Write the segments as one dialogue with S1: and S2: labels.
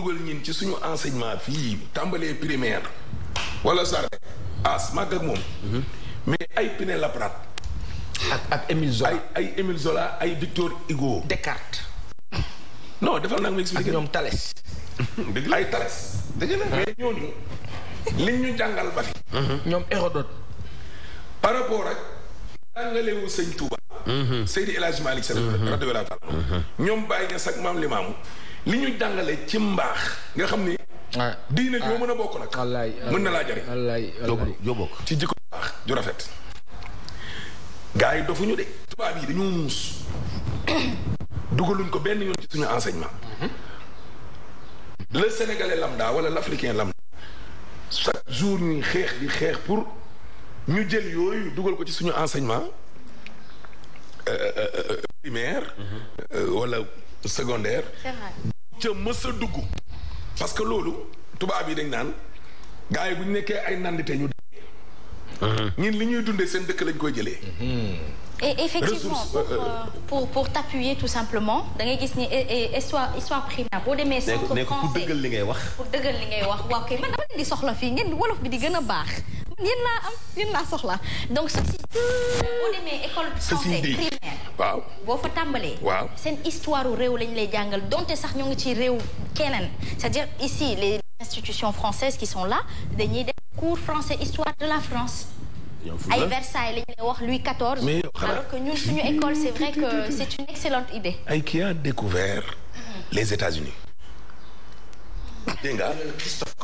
S1: dugal ñin ci suñu enseignement fii tàmbalee primaire wala Sarr as màgg ak moom. Mhm. mais ay Pinet-Laprade. ak ak Émile Zola ay ay Émile Zola ay Victor Hugo. Descartes. non defal naa ma expliqué. ak ñoom Thalès. ay Thalès. dëgg la mais ñooñu liñ ñu jàngal bari. Mhm. ñoom Hérodote. par rapport ak. jàngalewu sëñ Touba. Mhm. Seydi El Hadji Malick Sy radiyallahu anhu ñoom bàyyi na sax maam limaamu li ñu jàngale ci mbaax nga xam ni. ah diine joo ah. mën a bokk nag. wallaay mën na laa jëriñ. wallaay wallaay joo bokk ci jikko baax ju rafet. gars yi dofuñu de. tubaab yi dañoo muus. dugaluñ ko benn yoon ci suñu enseignement. le sénégalais lambda wala l' africain lambda. chaque jour ñuy xeex di xeex pour ñu jël yooyu dugal ko ci suñu enseignement euh, euh, euh, primaire. Mm-hmm. wala secondaire. ca mës a dugg. parce que loolu tubaab yi dañ naan gars yi bu ñu nekkee ay nandite ñu. Uh-huh. ñun li ñuy dundee seen dëkk lañ koy jëlee. Uh-huh.
S2: et effectivement pour euh, pour pour t'appuyer tout simplement da ngay gis ni histoire histoire primaire boo demee. centre français pour
S1: dëggal li ngay wax.
S2: pour dëggal li ngay wax waaw soxla fii ngeen wolof bi di gën a baax man laa am yéen laa soxla donc ceci boo demee école. primaire. waaw boo fa tàmbalee. waaw seen histoire réew lañ lay jàngal donte sax ñoo ngi ci réew keneen c'est-à-dire ici les institutions françaises qui sont là dañuy def cours français histoire de la France. ay Versailles lañ lay wax Louis XIV. mais alors que ñun suñu école c'est vrai que c'est une excellente idée.
S1: ay qui a découvert les États-Unis dégg nga Christophe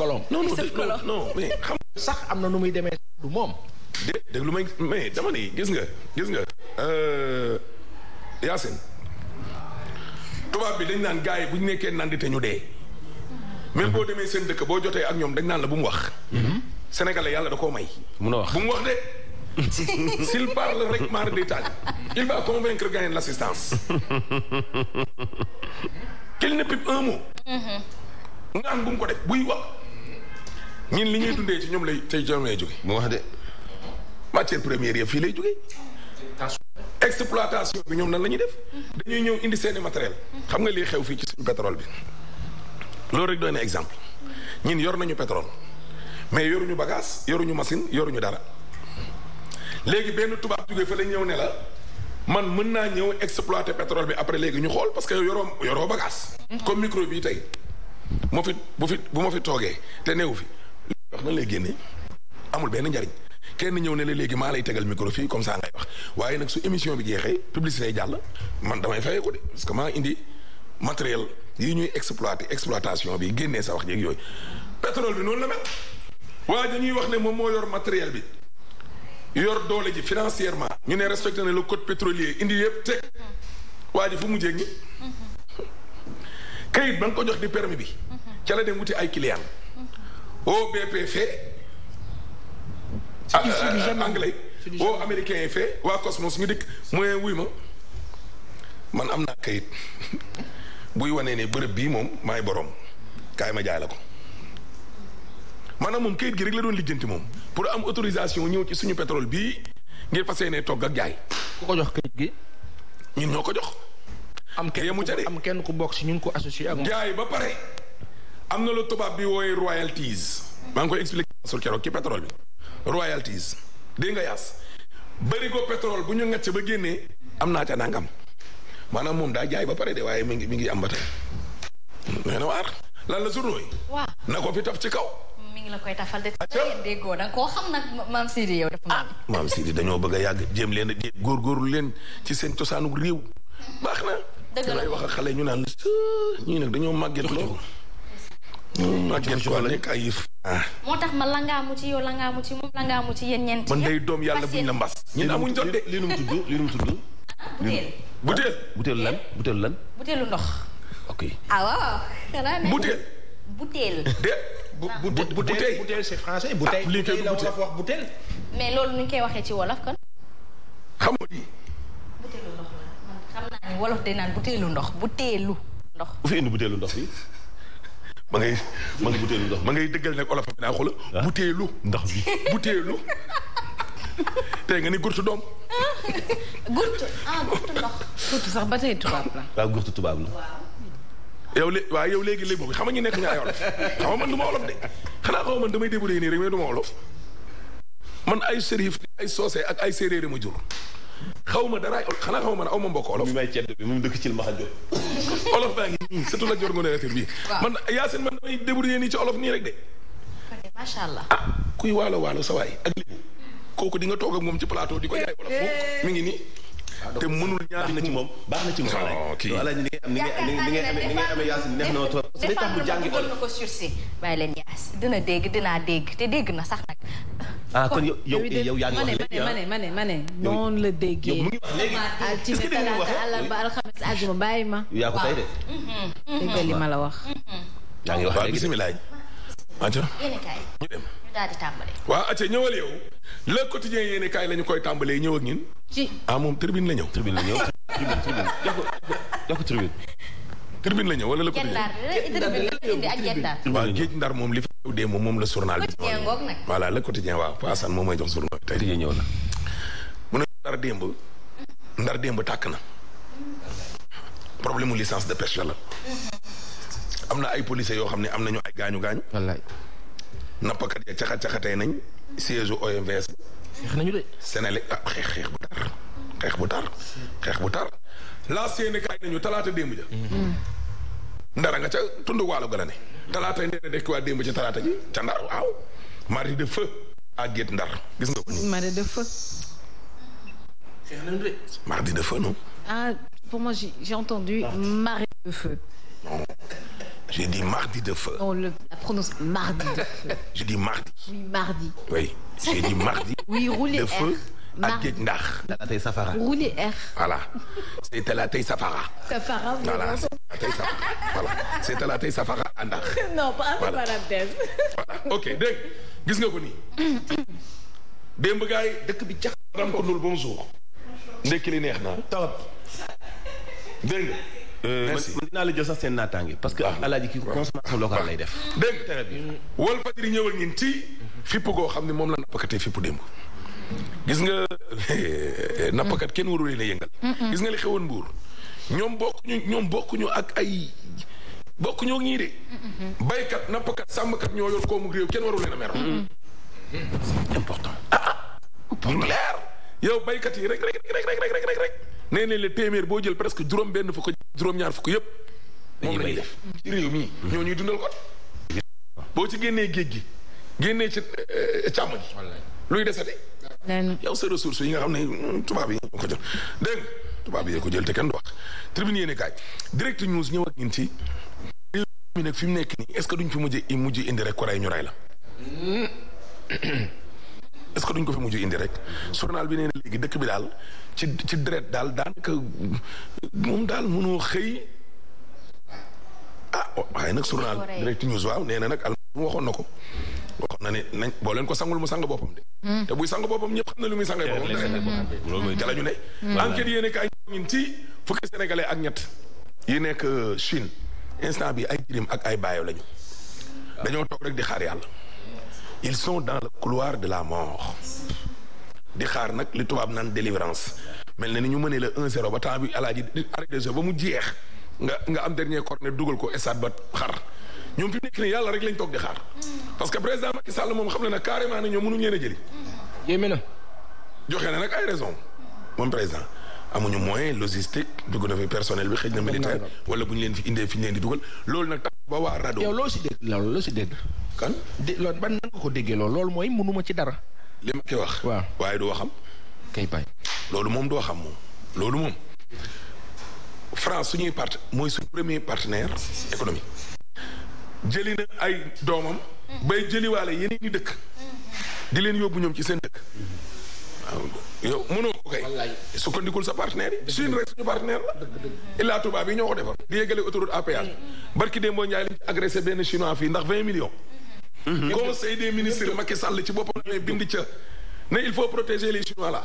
S1: sax am na nu muy demee du moom. dé déglu may mais dama gis nga gis euh, Yacine tubaab bi dañ naan gars yi bu ñu nekkee naan di ñu dee. même boo demee seen dëkk boo jotee ak ñoom dañ naan la bu mu wax. sénégalais yàlla da koo may. mun a wax bu mu wax de. s'il parle rek maar détail il va convaincre gagner ne pipe un mot. Mm-hmm. naan bu mu ko def buy wax. ñun li ñuy dundee ci ñoom lay tey jom lay jóge. mu wax de matière première ya fii lay jóge. exploitation bi ñoom nan la ñuy def. dañuy ñëw indi seeni matériel xam nga lii xew fii ci suñu pétrole bi loolu rek doy na exemple ñun yor nañu pétrole mais yoruñu bagage yoruñu machine yoruñu dara léegi benn tubaab jógee fa la ñëw ne la man mën naa ñëw exploiter pétrole bi après léegi ñu xool parce que yoroo yoroo bagage. comme micro bii tey moo fi bu fi bu ma fi toogee te newu fi wax nan lay génnee amul benn njariñ. kenn ñëw ne la léegi maa lay tegal micro fii comme ça ngay wax waaye nag su émission bi jeexee publicité jàll man damay fayee ko de parce que maa indi matériel yi ñuy exploité exploitation bi génnee sa wax jeeg yooyu pétrole bi noonu la mel waa dañuy wax ne moom moo yor matériel bi yor doole ji financièrement ñu ne respecté na le code pétrolier indi yëpp teg waa ji fu mu jéeg ñi kayit ba nga ko jox di permis bi ca la dem wuti ay client OBP fee Ah, euh, anglais woo américain yi fee waa Cosmos ñu dikk mooy wuy ma man am naa kayit buy wanee ne bërëb bii moom maay borom kaay ma jaay la ko maanaam moom kayit gi rek la doon lijjanti moom pour am autorisation ñëw ci suñu pétrole bii ngir fas yéenee togg ak jaay. ku ko jox kayit gi. ñun ñoo ko jox. am kenn ku am kenn ku bokk si ñun ko associé ak. jaay ba pare am na lu tubaab bi wooyee royalties. maa ngi koy expliqué sul keroog ci pétrole bi. royalties dégg nga yaas barigo pétrole bu ñu ngacc ba génnee am naa ca nangam maanaam moom daa jaay ba pare de waaye mi ngi mi ngi am ba tey. nee na waar lan la journaux yi. waaw na ko fi taf ci kaw.
S2: mi ngi la koy tafal de. déggoo da nga koo xam nag maam Sidi yow dafa ah,
S1: dañoo bëgg a yàgg jéem leen a jéem góorgóorlu leen ci seen cosaanu réew. baax na. dëgg la wax ak xale ñu naan ñii nag dañoo màgget loolu màgget ko la nekk ay yëf ah.
S2: moo tax ma langaamu ci yow langaamu ci moom langaamu ci yéen ñeent man
S1: day doom yàlla buñ la mbas ñun amuñ jot de li nu mu tudd li nu mu tudd butéel butéel butéelu lan butéelu lan
S2: butéelu ndox ok ah waaw butéel butéel bu
S1: ah. butéel butéel c'est français ah, butéel butéel la wolof wax butéel
S2: mais loolu nu koy waxee ci wolof kon xamoo di butéelu ndox xam naa ni wolof day naan butéelu ndox butéelu
S1: ndox bu fi indi butéelu ndox bi ma ngay ma ngay butéelu ndox ma ngay dëggal nekk olof naa xola ah? butéelu ndox mi butéelu tey nga ni gurtu doom.
S2: Ah,
S3: gurtu sax ba tey tubaab la.
S1: waaw gurtu tubaab la. yow lé waaw yow léegi léegi boobu xam nga ñu nekk ñu ay olof man du olof de xanaa xaw man damay débrouiller nii rek mais du ma olof man ay sérif ay soose ak ay séeréer ma jur. xaw ma dara xanaa xaw ma ne ma mbokk olof. mi may cedd bi moom dëkk ci ma xa jóg. olof baa ngi nii surtout la Dior Ngoné macha allah. ah kuy waalo waalo sa ak kooku di nga toog ak moom ci plateau di ko jaay olof eh. mi ngi nii. Ah, te mënul ñaar na ci moom baax na ci moom. waaw oh, kii li ngay li ngay amee li amee Yacine neex na ma trop. parce que day tax mu jàngi olof
S2: dina dégg dinaa dégg te dégg na sax nag ah kon yow yow yow yaa ngi wax léegi ma ne ma ne ma ne noonu la talaata alxames àjjuma bàyyi ma. yaa ko tey li ma la wax.
S1: yaa ngi wax léegi bisimilah. atia ñu
S2: dem. ñu daal di tàmbale.
S1: waaw ñëwal yow. le quotidien yéene kaay la koy tàmbalee ñëw ñun. ci ah moom tribune la ñëw. tribune la ñëw tribune tribune jox ko jox ko tribune. tribune la ñëw wala la ko waaw géej ndar moom li fi dee moom la journal bi voilà le quotidien waaw Pa moom mooy jox journal bi tey na mu ne ndar démb tàkk na problème mu licence de pêche la am na ay policiers yoo xam ne am nañu ay gaañu gaañu wallaay nappkat ya caxat caxatee nañ siège u OMVS ah, xeex xeex bu tar xeex bu tar xeex bu tar laas yéen kaay nañu talaata démb ja mm-hmm. ndara nga ca tund waalo gën a ne talaata nee na dekk talaata ji ca ndar waaw mardi de feu à Guet Ndar gis nga ko
S3: nii mardi de feu
S1: mardi de feu non
S3: ah pour moi j'ai entendu mardi de feu
S1: j'ai dit mardi de feu
S3: on mardi
S1: de feu j'ai dit mardi
S3: oui mardi
S1: j'ai dit mardi de feu ak géej ndax. talaatay safara wuli ex. voilà c'est talaatay safara.
S3: safara voilà
S1: c'est safara à ndax.
S3: non pas voilà.
S1: ok gis nga ko nii. démb gaay dëkk bi jax ram ko nul bonjour. ndekki li neex na. torop dégg nga. Euh, euh, merci man dinaa la jox sax seen que ah. alaaji kii lay def. dégg nga tere bi. Walfadjri ñëwal ngeen goo xam ne moom la nappakatee fipp démb. gis nga eh, nappkat kenn waru leen a yëngal. gis nga li xewoon Mbuur ñoom bokkuñu ñoom bokkuñu ak ay bokkuñu ak ñii de. baykat nappkat sàmmkat ñoo yor koomu réew kenn waru leen a mer. Ah, ah. yow baykat yi rek rek rek rek rek rek rek nee nañ la téeméer boo jël presque juróom-benn fukk juróom-ñaar yëpp. moom la ñuy def ci réew mii. Mm-hmm. ñoo ñuy dundal ko. boo ci génnee géej gi génnee ci eh, càmm gi luy de yow sa ressource yi nga xam ne tubaab yi ko jël dégg tubaab yi ko jël te kenn du wax tribune yéene kaay direct news ñëw ak ñun ci réew mi nag fi mu nekk nii est-ce que duñ fi mujj mujj indi rek ko ray ñu ray la que duñ ko fi mujj indi rek journal bi nee léegi dëkk bi daal ci ci deret daal daanaka moom daal mënoo xëy ah waaye nag journal direct news waaw nee na nag al waxoon na ko na nañ boo leen ko sangul mu sang boppam de. Hmm. te buy sang boppam ñëpp xam na lu muy sangay boppam. Hmm. loolu mooy ca la ñu a hmm. kaay ñun ci fukki sénégalais ak ñett yi nekk euh, Chine instant bi ay jirim ak ay baayo lañu. dañoo toog rek di xaar yàlla. ils sont dans le couloir de la mort. di xaar nag li tubaab naan délivrance. mel na ni ñu mënee la 1-0 ba temps ba mu jeex nga nga am dernier corner dugal ko stade ba xar. ñoom fi mu nekk nii yàlla rek lañ toog di xaar. parce que président Macky Sall moom xam na ne carrément ne ñoom mënuñu leen jëli. yéeme na. joxe na nag ay raison moom président amuñu moyen logistique dugg na fi personnel bi xëj na militaire wala bu ñu leen fi indee leen di dugal loolu nag tax ba waa rajo. yow loo si dégg loolu si dégg. kan di loolu ban nan nga ko déggee loolu loolu mooy mënuma ci dara. li ma koy wax. waaw waaye du waxam. kay bay. loolu moom du waxam moom. loolu moom. France suñuy part mooy suñu premier partenaire économique. jëli na ay doomam bay jëliwaale yeneen i dëkk di leen yóbbu ñoom ci seen dëkk yow mënoo ko kay sukkandikul sa partenaire yi suñu rek suñu partenaire la illaa tubaab yi ñoo ko defar di yegale autoroute à péage barki démb Ndiaye lañ ci agressé benn chinois fii ndax vingt millions mhm. conseil des ministres Macky Sall ci boppam ne bind ca ne il faut protéger les chinois là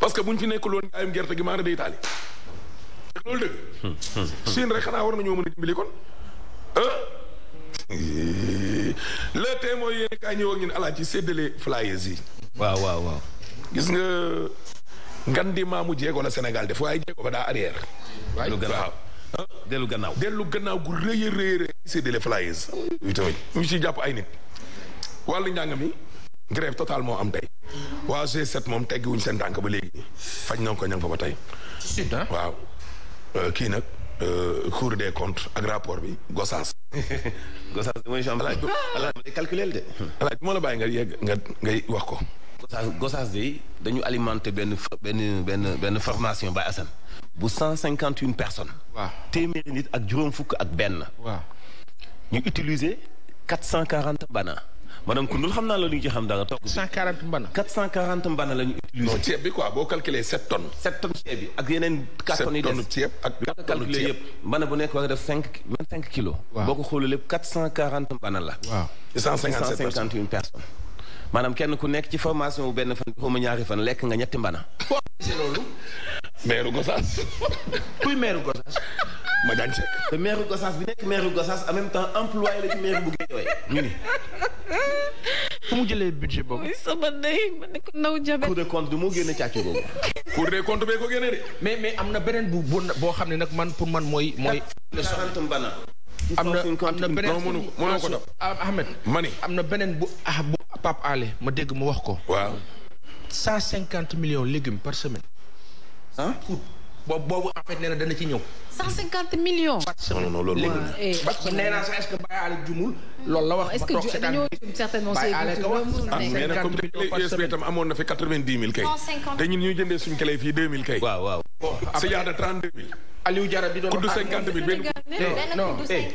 S1: parce que bu ñu fi nekkul woon njaayam gerte gi maana day taali loolu dëgg Chine hmm, hmm, hmm. xanaa war nañoo mën a dimbali le témoin yéen kaay ñëw ak ñun ci séddale flyers yi waaw waaw waaw gis nga ngan di maamu jéego la Sénégal def waaye jéego ba daa arrière waaw dellu gannaaw dellu gannaaw gu rëy a rëy rëy séddale flyers yu tamit ci jàpp ay nit wàllu njàng mi grève totale moo am tey waa G7 moom teggiwuñ seen tànk ba léegi fañ na ko ña fa ba tey ah? waaw euh, kii nag Euh, cour des comptes ak rapport bi Gossas. Gossas mooy chambre laaj alaaj la bàyyi nga yegg nga ngay wax ko. Gossas Gossas de dañu alimenter benn benn benn benn formation Baye Assane bu cent cinquante une personnes. waaw téeméeri nit ak juróom fukk ak benn. waaw ñu utiliser quatre cent quarante bana. madame Koundoul xam naa la lu xam dara. la ñu utilisé. non ceeb bi bi ak bu nekk war a def 5 25 kilos. waaw boo ko xoolee lépp 440 mbana la. waaw 157 151 personnes. maanaam kenn ku nekk ci formation bu benn fan bi xaw ma fan lekk nga ñetti mbana. foo Gosaas. kuy meeru Gosaas. Madiagne Seck. te maire Gossas bi nekk maire Gossas en même temps employé la ci maire bu Guédiawaye ñu ni. mu jëlee budget boobu. sama ndey ma ne ko ndaw jabe. cour des comptes bi moo génne càcco boobu. cour des comptes mais mais am na beneen bu boo xam ne nag man pour man mooy. mooy le soxla am na am na beneen mënu ko topp ah, Ahmed ma am na beneen bu ah bu Pape ma dégg mu wax ko. waaw. cent cinquante millions légumes par semaine. boobu boobu en na dana ci ñëw. 150
S3: millions. non non loolu parce que naa est-ce que
S1: Baye jumul. loolu la wax ba toog sept
S2: ans Baye wax. Ah, mais nag comme que
S1: USB tam amoon na fi 90 000 kay. te ñun ñu jëndee suñu clé fii 2000 kay. waaw waaw. bon après c'est de 32 000. Aliou Diarra bi doon wax ah benn non eh,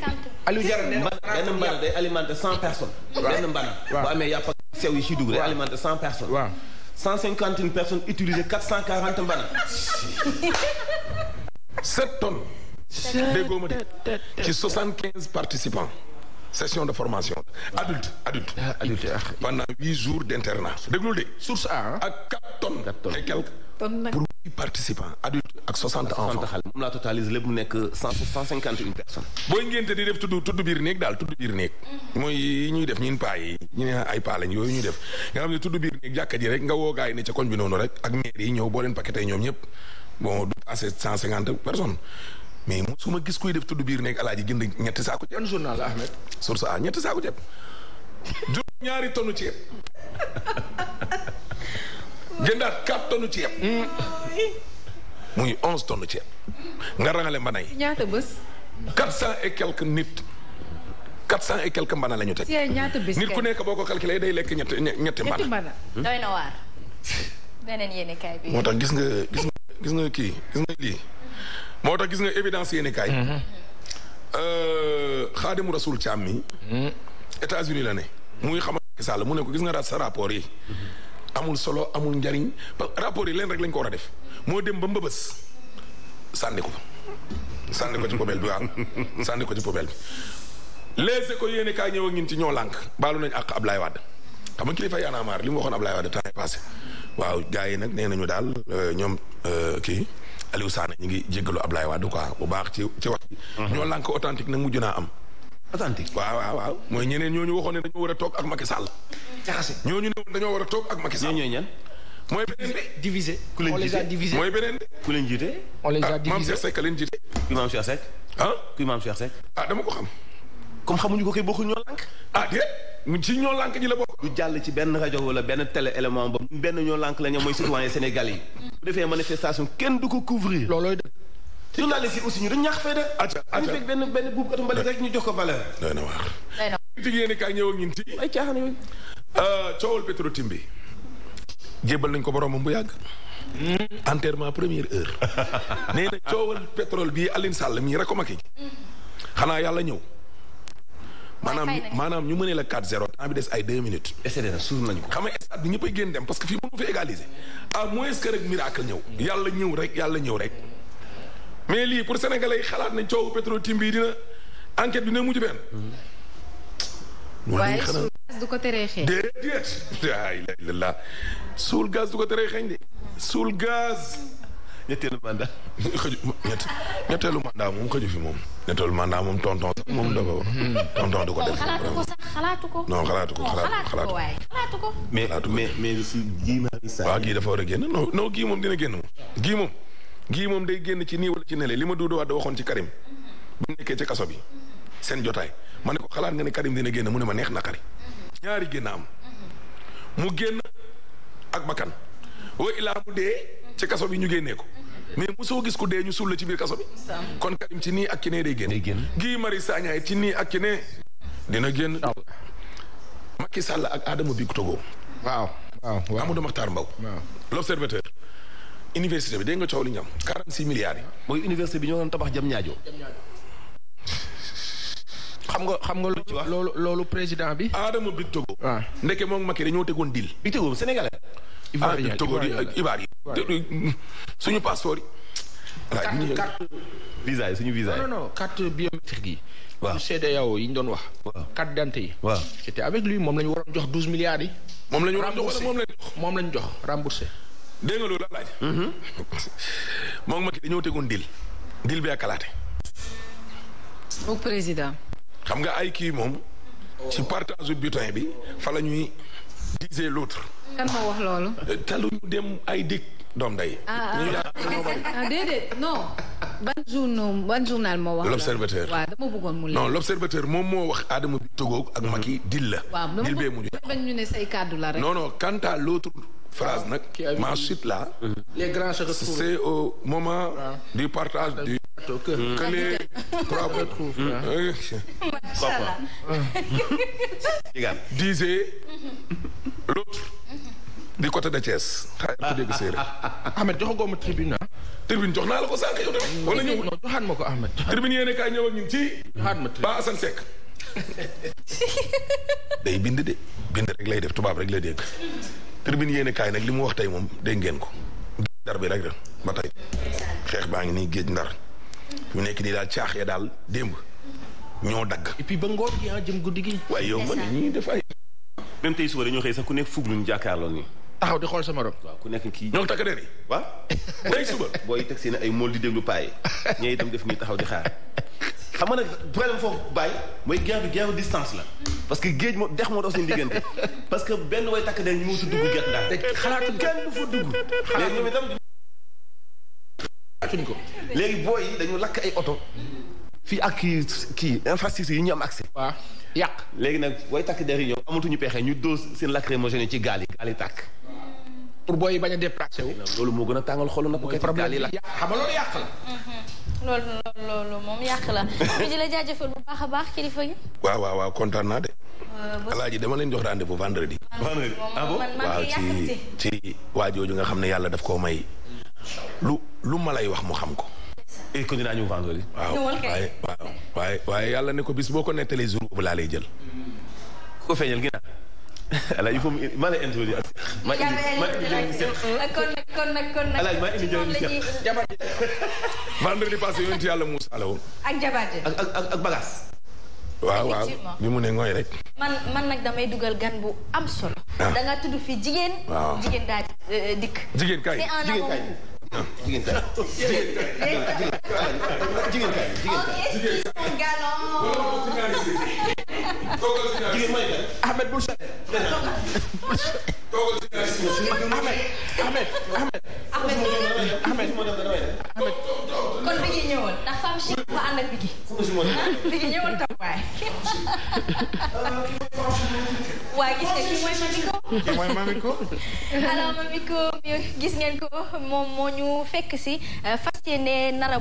S1: Aliou Diarra nee na benn mbana day alimenter 100 personnes. benn mbana bu amee yàpp sew personnes. 151 personnes utilisé 440 mbana. 7 tonnes. déggoo ma de ci 75 participants. session de formation adulte adulte. Ah, adulte ah. pendant huit jours d'internat. déglul de source A ak 4 tonnes et quelques.
S2: pour huit
S1: participants adultes ak soixante enfants xale moom laa totalise lépp mu nekk cent cent cinquante une personnes booy ngénte di def tudd tudd biir néeg daal tudd biir néeg mhm. yooyu ñuy def nga xam ne tudd biir néeg jàkka ji rek nga woo gaay ne ca koñ bi rek ak maire yi ñëw boo leen paqueté ñoom ñëpp bon du passé cent cinquante personnes mais mosuma gis kuy def tudd biir néeg alaaji jënd ñetti saako ceeb. ban journal la Ahmed. source a ñetti saako ñaari tonnu ceeb. jëndaat 4 tonnes ceeb. muy ton tonnes ceeb. nga rangale mbana yi. ñaata bés. 400 et quelques nit. 400 et quelques mbana la ñu teg.
S2: ñaata bés nit ku nekk
S1: boo ko calculé day lekk ñetti ñetti mbana. moo tax gis nga gis nga kii gis moo tax gis nga évidence yéene kaay. Mhm. Euh, xaadimu rasul Thiam mi. Mhm. États-Unis la ne. muy xamal Sall mu ne ko gis nga daal sa rapport yi. Mhm. amul solo amul njariñ rapport yi leen rek lañ ko war a def moo dem ba mbëbës sànni ko sànni ko ci poubelle bi waaw sànni ko ci poubelle bi les kaa ñëw ak ñun ci ñoo lànk balu nañ ak Ablaye Wade xam nga kilifa Y'en a marre li mu waxoon Ablaye Wade temps yi passé waaw gars yi nag nee nañu daal euh, ñoom euh, kii Aliou Sané ñu ngi jéggalu ablaay Wade quoi bu baax ci ci wax mhm. ñoo lànk authentique nag mujj naa am authentique waaw waaw waaw mooy ñeneen ñooñu waxoon ne dañoo war a toog ak Macky Sall. jaxase ñooñu ne dañoo war a toog ak Macky Sall. ñooñu ñan mooy beneen bi divisé. ku leen jiite mooy beneen ku leen jiite. on les a ah, divisé maam Cheikh Seck leen jiite. kuy maam Cheikh Seck. ah ah dama ko xam. comme xamuñu ko kay bokkul ñoo lànk. ah déet ci ñoo lànk ji la bokk. du jàll ci benn rajo wala benn télé élément boobu. benn ñoo lànk la ñoom mooy citoyen Sénégal yi. bu defee manifestation kenn du ko couvrir. su yi ñu dañ ñaax fayda. benn benn buubkatu mbalit rek ñu jox ko valeur. doy na waar. doy na waar jigéen ñi kaay ñëw ak ñun ci. ay caaxaan yooyu. Euh, coowal Petro-Tim bi. jébal nañ ko boromam bu yàgg. Hmm. enterrement première bii Aline Sall mii rek ko makki. yàlla ñëw. maanaam maanaam ñu mënee la 4-0 temps bi des ay 2 ko. xam génn dem parce que fii mënu fa égaliser. à moins que rek miracle ñëw. yàlla ñëw rek yàlla ñëw rek. mais lii pour sénégalais yi xalaat ne coowu Petro-Tim bii dina enquête bi dina mujj benn. waaye suul
S3: gaz du ko teree xeeñ.
S1: ko teree xeeñ de. suul gaz. ñetteelu mandat. xëju ñett ñetteelu mandat moom xëju fi moom. ñetteelu mandat moom tonton sax moom dafa tonton du ko def. xalaatu ko
S2: sax xalaatu ko. non xalaatu ko xalaatu ko waaye xalaatu
S1: ko. mais mais mais gii maa ngi saa. waaw gii dafa war a génn non non gii moom dina génn moom gii moom. ngii moom day génn ci nii wala ci nele li ma Doudou Wade waxoon ci Karim ba nekkee ci kaso bi seen jotaay ma ne ko xalaat nga ne Karim dina génn mu ne ma neex naqari ñaari génn am mu génn ak bakkan wa ilaa mu dee ci kaso bi ñu génnee ko mais mosoo gis ku dee ñu suul la ci biir kaso bi kon Karim ci nii ak ki nee day génn Guy Marius Sagna ci nii ak ki nee dina génn Macky Sall ak Adama Bictogo waaw waaw Amadou Mahtar Mbow université bi dégg nga coow li ñu am 46 milliards yi. mooy université bi ñoo doon tabax jam ñaajo. xam nga xam nga lu ci wax loolu loolu président bi. Adama Big Togo. waaw ah. moom Macky dañoo tegoon deal. Big Togo bu sénégalais. Ah, Ivoire Big Togo di Ivoire yi. suñu passeport yi. carte carte. Ah, visa yi suñu visa yi. non non yi. ñu doon wax. waaw carte yi. waaw c'était avec lui moom la ñu waroon jox douze milliards yi. moom la ñu waroon jox moom la ñu jox remboursé. dégg nga laaj. Mhm. moom Macky dañoo tegoon dil dil bi akalaate.
S3: au président.
S1: xam nga ay kii moom. ci partage du butin bi fa la ñuy diser l'autre.
S3: kan moo wax loolu.
S1: taluñu dem ay dikk doom day. Ah,
S3: ah, ah, ah déedéet non. ban journal ban journal moo wax. l'observateur waaw dama bëggoon mu non
S1: l'observateur moom moo wax Adama bi Togo ak Macky dil la. waaw dama
S3: bëgg ñu ne say kàddu la rek. non non
S1: quant à phrase nag mais ensuite là euh.
S2: les grands se retrouvent c'est
S1: au moment ah. du partage mm. trois mm. papa disait de Thiès xaar ku dégg ah, ah, ah, Ahmed joxagoo tribune tribune jox naa la ko sànq yow tamit mm. wala ñëw joxaat ma tribune yéene kaay ñëw ci joxaat ma ba Assane Seck day bind de bind rek def tubaab rek lay dégg tribune yéen kaay nag li mu wax tey moom dégg ngeen ko. ndar bi rek de ba tey xeex baa ngi nii géej ndar mu nekk di daal caax ya daal démb ñoo dagg. et ba ngoon gi ah jëm guddi gi. waaye yow man ñii def ay. même tey suba dañoo xëy sax ku nekk fukk lu ñu jàkkaarloo nii. taxaw di xool sama morom. waaw ku nekk kii. ñoo takk der yi. waaw tey suba. booy teg seen ay mool di déglu paa yi itam def nii taxaw di xaar. xam nga nag problème foofu bàyyi mooy guerre bi guerre distance la parce que géej moo dex moo dox suñu diggante parce que benn way takk den ñu mënut a dugg gerte daal. te xalaatuñ kenn ko. léegi booy yi lakk ay oto. fii ak kii kii infrastructure yi ñu am accès. waaw yàq. léegi nag way takk der yi ñoom amatuñu pexe ñu dóos seen lacrymogène ci gaal yi gaal tàkk. pour booy yi bañ a déplacé wu. loolu moo gën a tàngal xolu na ko. mooy problème bi yàq xam nga yàq la.
S2: Mm-hmm. loolu loolu loolu moom yàq la. ñu la jaajëfal bu baax a baax kilifa gi.
S1: waaw waaw waaw kontaan naa de. Euh, alaaji dama leen jox rendez-vous vendredi. vendredi ah bon waaw ci ci waa nga xam ne yàlla def koo may. lu lu ma lay wax mu xam ko. et que dinaa ñëw vendredi. waaw waaye waaye waaye yàlla ne ko bis boo ko nettalee jour boobu laa lay jël. ko feeñal ginnaaw. ala il faut maa lay introduire. maa indi maa indi
S2: kon kon kon nag. maa indi jërëjëf ci
S1: moom la ñuy passé yonent yàlla Moussa la woon.
S2: ak jabaar ak
S1: ak ak bagaas. waaw waaw bi mu ne ngooy rek.
S2: man man nag damay dugal gan bu am solo. Ah. da nga tudd fi jigéen. waaw jigéen daa euh, dikk.
S1: jigéen kay jigéen kay jigéen kay jigéen kay jigéen
S2: kay
S1: jigéen mooy kan Ahmed bul sale Ahmed kon bi ñu ñëwoon
S2: ndax femme chic ba ànd ak bi gi. bi ñëwoon tam waay. waa gis nga kii mooy Mamiko. kii Mamiko. gis ngeen ko moom moo ñu fekk si euh, fas yéene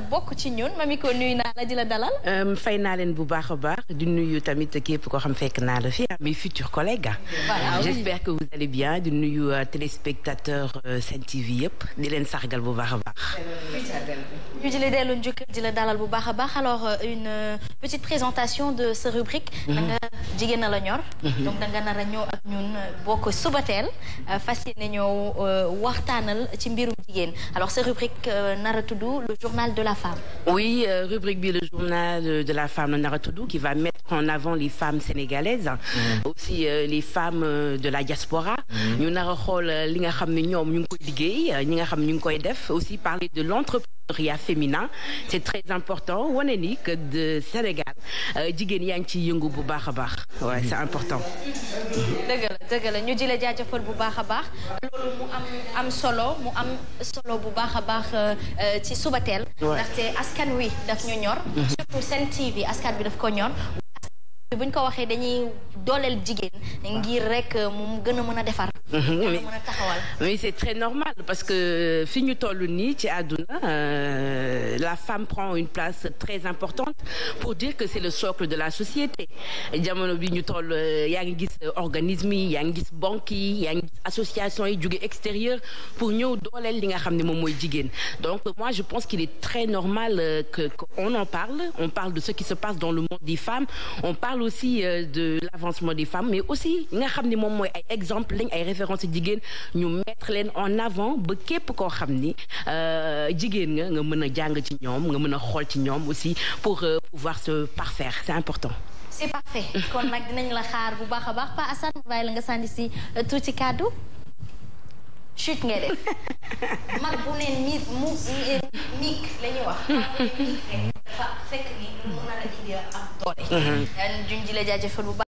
S2: bokk ci ñun Mamiko nuyu naa la di la dalal.
S3: Euh, fay naa leen bu baax a baax di nuyu tamit képp ko xam fekk naa la fi mes futurs collègues. voilà j'espère que vous allez bien. di nuyu euh, téléspectateur euh, Sen di leen sargal bu baax a baax.
S2: ñu di la dellu njukkal di la dalal bu bax a baax alors euh, une petite présentation de ce rubrique. Mhm. da jigéen a la ñor. Mhm. donc da nga nar a ñëw ak ñun bokk suba teel ci mbirum jigéen alors ce rubrique nar a le journal de la femme.
S3: oui rubrique bi le journal de la femme nar a tudd qui va mettre en avant les femmes sénégalaises. Mhm. aussi les femmes de la diaspora. Mm-hmm. ñu nar xool euh, li nga xam ne ñoom ñu ngi koy liggéey euh, ñi nga xam ñu ngi koy def aussi parler de l'entrepreneuriat féminin c'est très important wane ni que de Sénégal euh, jigéen yaa ngi ciy yëngu bu baax a baax waaw c'est important.
S2: Mm-hmm. dëgg la ñu di la jaajëfal bu baax a baax mu am solo mu am solo bu baax a baax ci suba teel. ndaxte askan wi daf ñu ñor. Mm-hmm. surtout seen TV askan bi daf ko ñor. bu ñ ko waxee dañuy dooleel jigéen ngir rek euh, mu gën a mën a defar oui mhm.
S3: oui c'est très normal parce que fi ñu toll nii ci àdduna euh, la femme prend une place très importante pour dire que c'est le socle de la société jamono bi ñu toll euh, yaa ngi gis organisme yi yaa ngi gis banque yi yaa ngi gis association yi jóge extérieur pour ñëw dooleel li nga xam ne moom mooy jigéen donc moi je pense qu'il est très normal euh, que qu'on en parle on parle de ce qui se passe dans le monde des femmes on parle aussi de l'avancement des femmes mais aussi li nga xam ne moom mooy ay exemple lañ ay référence ci jigéen ñu mettre leen en avant ba képp koo xam ni euh, jigéen nga nga mën a jàng ci ñoom nga mën a xool ci ñoom aussi pour euh, pouvoir se parfaire c'est important.
S2: c'est parfait kon nag dinañ la xaar bu baax a baax Pa Assane bàyyi la nga sànni si euh, tuuti kàddu chute nga def mag bu neen mi mu wax